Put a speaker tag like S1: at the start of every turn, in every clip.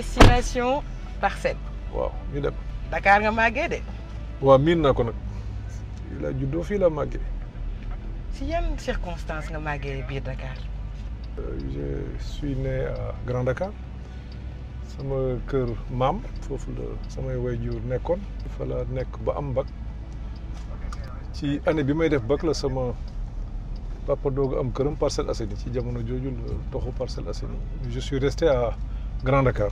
S1: destination Parcelles. waaw ñu dem. Dakar nga màggee de.
S2: waaw miin naa ko nag fii laa juddoo fii laa màggee.
S1: si yan circonstances nga màggee biir Dakar.
S2: Euh, je suis né à Grand Dakar sama kër maam foofu la samay waajur nekkoon fa nekk ba am bag ci anne bi may def bac la sama papa doog am këram Parcelles Assainies ci jamono jooju la toxu Parcelles Assainies je suis resté à Grand Dakar.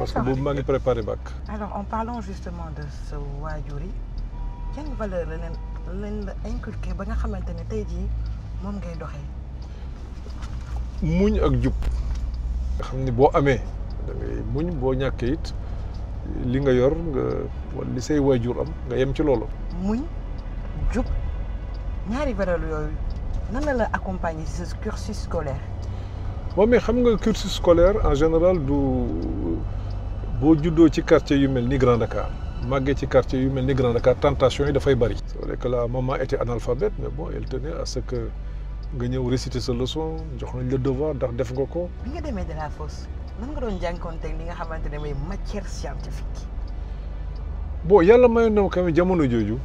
S2: parce que boobu maa ngi préparé bac.
S1: alors en parlant justement de sa waajur yi yan valeur la leen lañ la inculqué ba nga xamante ne tey jii moom ngay doxee.
S2: muñ ak jub. nga xam ni boo amee da muñ boo ñàkkee it li nga yor nga wala li say waajur am nga yem ci loolu.
S1: muñ jub ñaari valeur yooyu nan la la accompagner ci sa cursus scolaire.
S2: moom mais xam nga cursus scolaire en général du. boo juddoo ci quartier yu mel ni Grand Dakar màggee ci quartier yu mel ni Grand Dakar tentation yi dafay bëri. c'est vrai que la était analphabète mais bon elle tenait à ce que nga ñëw réciter sa leçon jox nañ la devoir ndax def nga ko.
S1: bi nga demee de la fosse nga doon jànkoonteeg li nga xamante ne mooy matière scientifique.
S2: bon yàlla mayoon na quand même jamono jooju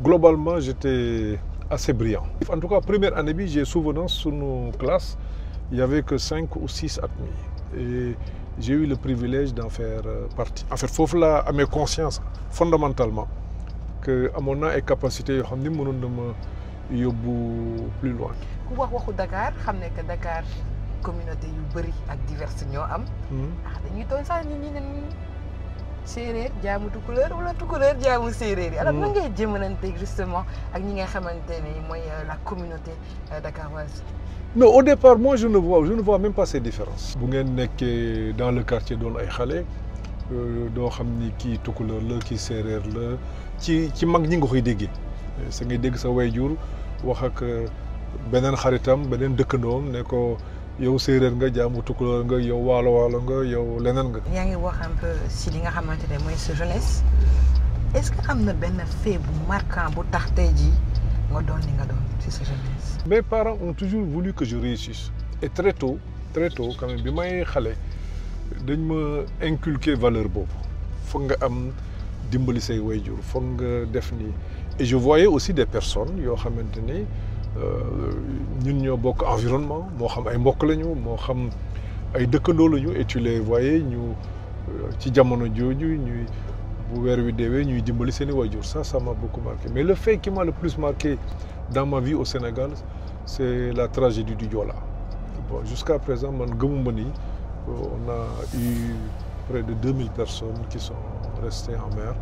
S2: globalement j'étais assez brillant. en tout cas première année bi j'ai souvenance sunu classe il y avait que cinq ou six j'ai eu le privilège d'en faire euh, partie. en fait foofu la amee conscience fondamentalement que amoon na ay capacités yoo xam ni mënoon na ma yóbbu plus loin.
S1: ku wax waxu Dakar xam ne que Dakar communauté yu bëri ak diverses ñoo am. Hmm. Ah, séeréer jaamu tukulóor wala tukulóor jaamu séeréer yi. alors mm. nan ngay jëmanante justement ak ñi nga xamante ni mooy euh, la communauté euh, dakaroise.
S2: non au départ moi je ne vois je ne vois même pas ces différences. bu ngeen nekkee dans le quartier doon ay xale euh, doo xam ni kii tukulóor la kii séeréer la ci ci mag ñi nga koy déggee sa ngay dégg sa wayjur wax ak beneen xaritam beneen dëkkandoom ne ko. yow séeréer nga jaamu tukkuloor nga yow waalo waalo nga yow leneen nga.
S1: yaa ngi wax un peu si li nga xamante ne mooy sa jeunesse est-ce que am na benn fait bu marquant bu tax tey jii nga doon li nga doon si sa jeunesse.
S2: mes parents ont toujours voulu que je réussisse et très tôt très bi may xale dañ ma inculquer valeur boobu foog nga am dimbali say wayjur foog nga def nii et je voyais aussi des personnes yoo xamante ni. Euh, ñun ñoo bokk environnement moo xam ay mbokk lañu moo xam ay dëkkandoo lañu et tu les ñu euh, ci jamono jooju ñuy bu weer wi deewee ñuy dimbali seen i waajur ça ça m'a beaucoup marqué mais le fait qui m'a le plus marqué dans ma vie au Sénégal c'est la tragédie du Joola bon jusqu'à présent man gëmuma ni euh, on a eu près de 2000 personnes qui sont restées en mer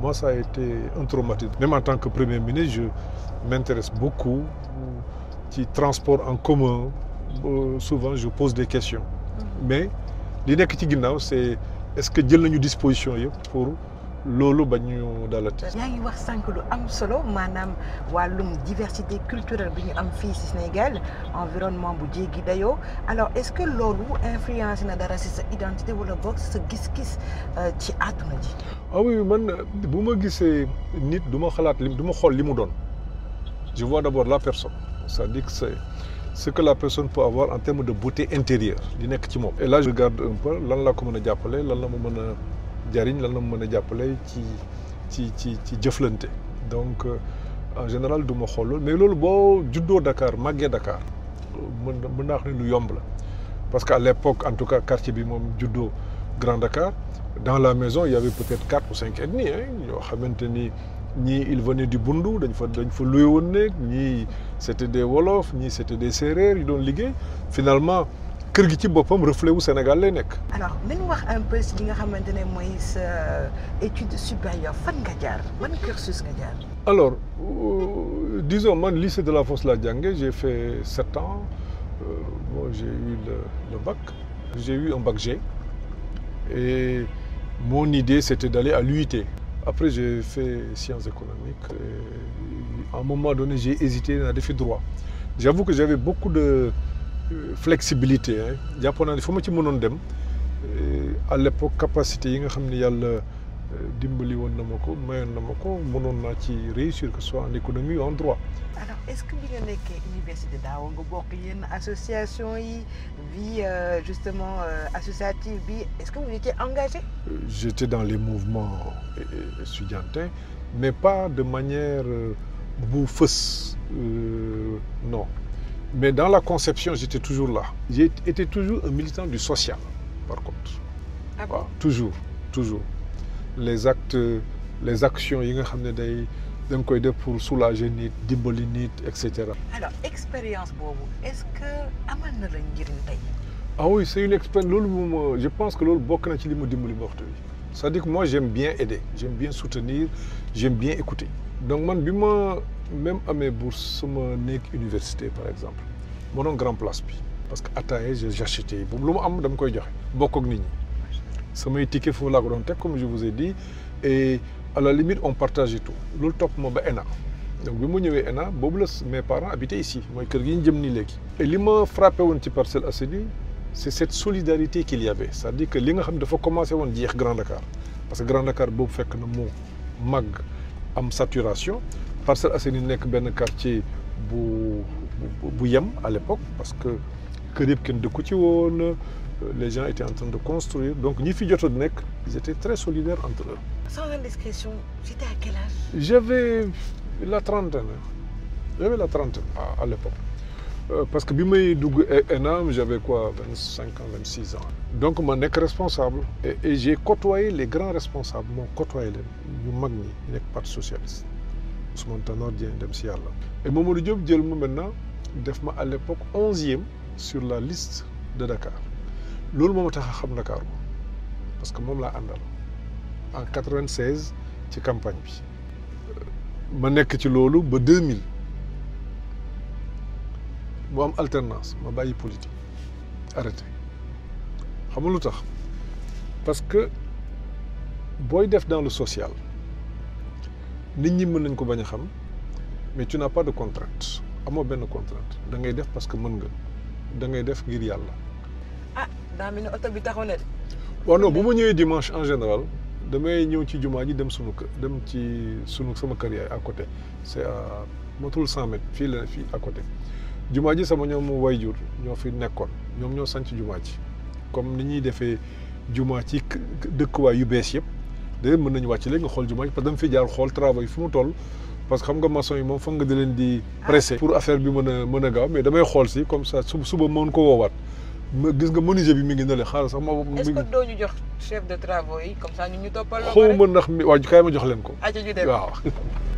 S2: moi, ça a été un traumatisme. Même en tant que Premier ministre, je m'intéresse beaucoup ci transport en commun. Euh, souvent, je pose des questions. Mm-hmm. mais li nekk ci ginnaaw c'est est-ce que jël nañu disposition yi pour loolu ba ñu dalati. yaa
S1: ngi wax sànq lu am solo maanaam wàllum diversité culturelle bi ñu am fii ci Sénégal environnement bu jéggi dayoo alors est-ce que loolu influence na dara ci sa identité wala boog sa gis-gis euh, ci àdduna ji.
S2: ah oui man bu ma gisee nit du ma xalaat li du ma xool li mu doon je vois d'abord la personne c'est-à-dire que c'est ce que la personne peut avoir en termes de beauté intérieure di nekk ci moom. et là je regarde un lan la ko mën a jàppale lan la ma mën a jariñ lan la ma mën a jàppale ci ci ci ci jëflante donc euh, en général duma ma xool loolu mais loolu boo juddoo Dakar màggee Dakar mun mën naa wax ne lu yomb la parce que à l'époque en tout cas quartier bi moom juddoo. Grand Dakar dans la maison il y être quatre ou yoo xamante ni ñii ils venaient du Bundu dañ fa dañ fa luye woon nekk ñii c'était des Wolof ñii c'était des Sérères yu doon liggéey finalement kër gi ci boppam reflet wu Sénégal lay nekk.
S1: alors nañu wax un peu nga xamante ne mooy sa étude supérieure fan nga jaar ban cursus nga jaar.
S2: alors euh, man lycée de la Fosse laa jàngee j'ai fait ans euh, j'ai eu le le bac j'ai eu un bac G. Et mon idée, c'était d'aller à l'UIT. Après, j'ai fait sciences économiques. Et à un moment donné, j'ai hésité d'aller faire droit. J'avoue que j'avais beaucoup de euh, flexibilité. Hein. Euh, à l'époque, capacité, dimbali woon na ma ko mayoon na ma ko mënoon naa ci réussir que ce soit en économie ou en droit.
S1: est-ce que bi nga nekkee université daawoon nga bokk yenn association yi vie euh, justement euh, associative bi est-ce que vous étiez engagé.
S2: Euh, j'étais dans les mouvements estudiantins mais pas de manière bu fës non mais dans la conception j'étais toujours là. j'ai toujours un militant du social par contre. Ah toujours toujours. les actes les actions yi nga xam ne day da nga koy def pour soulager nit dimbali nit et cetera.
S1: alors expérience boobu est-ce que amal na la njëriñ tey.
S2: Ah c'est une expérience loolu moom je pense que loolu bokk na ci li ma dimbali ba waxtu bi c'est-à-dire que moi j'aime bien aider j'aime bien soutenir j'aime bien écouter donc man bi ma même amee bourse sama nekk université par exemple ma doon grand place bi parce que attaaye j'achetais bu lu mu am dama koy joxe bokk ak nit ñi. samay ticket foofu laa ko doon teg comme je vous ai dit et à la limite on partage tout loolu topp ma ba ENA donc bi ma ñëwee ENA boobu la mes parents habitaient ici mooy kër gi ñu jëm nii léegi. li ma frappé woon ci Parcelles Assainies c'est cette solidarité qu'il y avait c'est-à-dire que li nga xam dafa commencé woon jeex Grand Dakar parce que Grand Dakar boobu fekk na mu màgg am saturation Parcelles Assainies nekk benn quartier bu bu yem à l'époque parce que kër yëpp kenn dëkku ci woon. les gens étaient en train de construire. Donc, ñi fi jotoon nekk, ils étaient très solidaires entre eux.
S1: Sans indiscrétion,
S2: J'avais la trentaine. la trentaine à, à l'époque. Euh, parce que bi may dugg ENAM, e j'avais quoi, 25 ans, 26 ans. Donc, ma nekk responsable et, et j'ai côtoyé les grands responsables, moo côtoyé leen ñu mag ñi nekk Parti socialiste. Ousmane Tanor Dieng dem si yàlla. Et Mamadou Diop jël ma maintenant def ma à l'époque onzième sur la liste de Dakar. loolu moo ma tax a xam Ndakaaru parce que moom laa àndal en quatre-vingt-seize ci campagne bi ma nekk ci loolu ba deux mille mu am alternance ma bàyyi politique arrêté xam nga lu tax parce que booy def dans le social nit ñi mën nañ ko bañ a xam mais tu n'as pas de contrainte amoo benn contrainte da ngay def parce que mën nga da ngay def ngir yàlla
S1: ah, daa mel ni oto taxaw na de.
S2: bu ma ñëwee dimanche en général damay ñëw ci jumaa ji dem sunu kë dem ci sunu sama kër yaay à côté c'est à matul cent mètres fii la fii à côté jumaa ji sama ñoom wayjur ñoo fi nekkoon ñoom ñoo sanc jumaa ji comme ni ñuy defee jumaa ci dëkkuwaay yu bees yëpp de mën nañu wàcc léegi nga xool jumaa ji parce que dama fi jaar xool travail fu mu toll parce que xam nga maçon yi moom foog nga di leen di ah. pressé pour affaire bi mën a mën a gaaw mais xool si comme ça suba mën ko woowaat gis nga menuisier bi mi ngi nële xaaral sax ma. est ce que
S1: doo ñu jox chef de travaux yi comme ça ñu ñu toppal. xaw ma
S2: ndax mi waa kaay ma jox leen ko. waaw.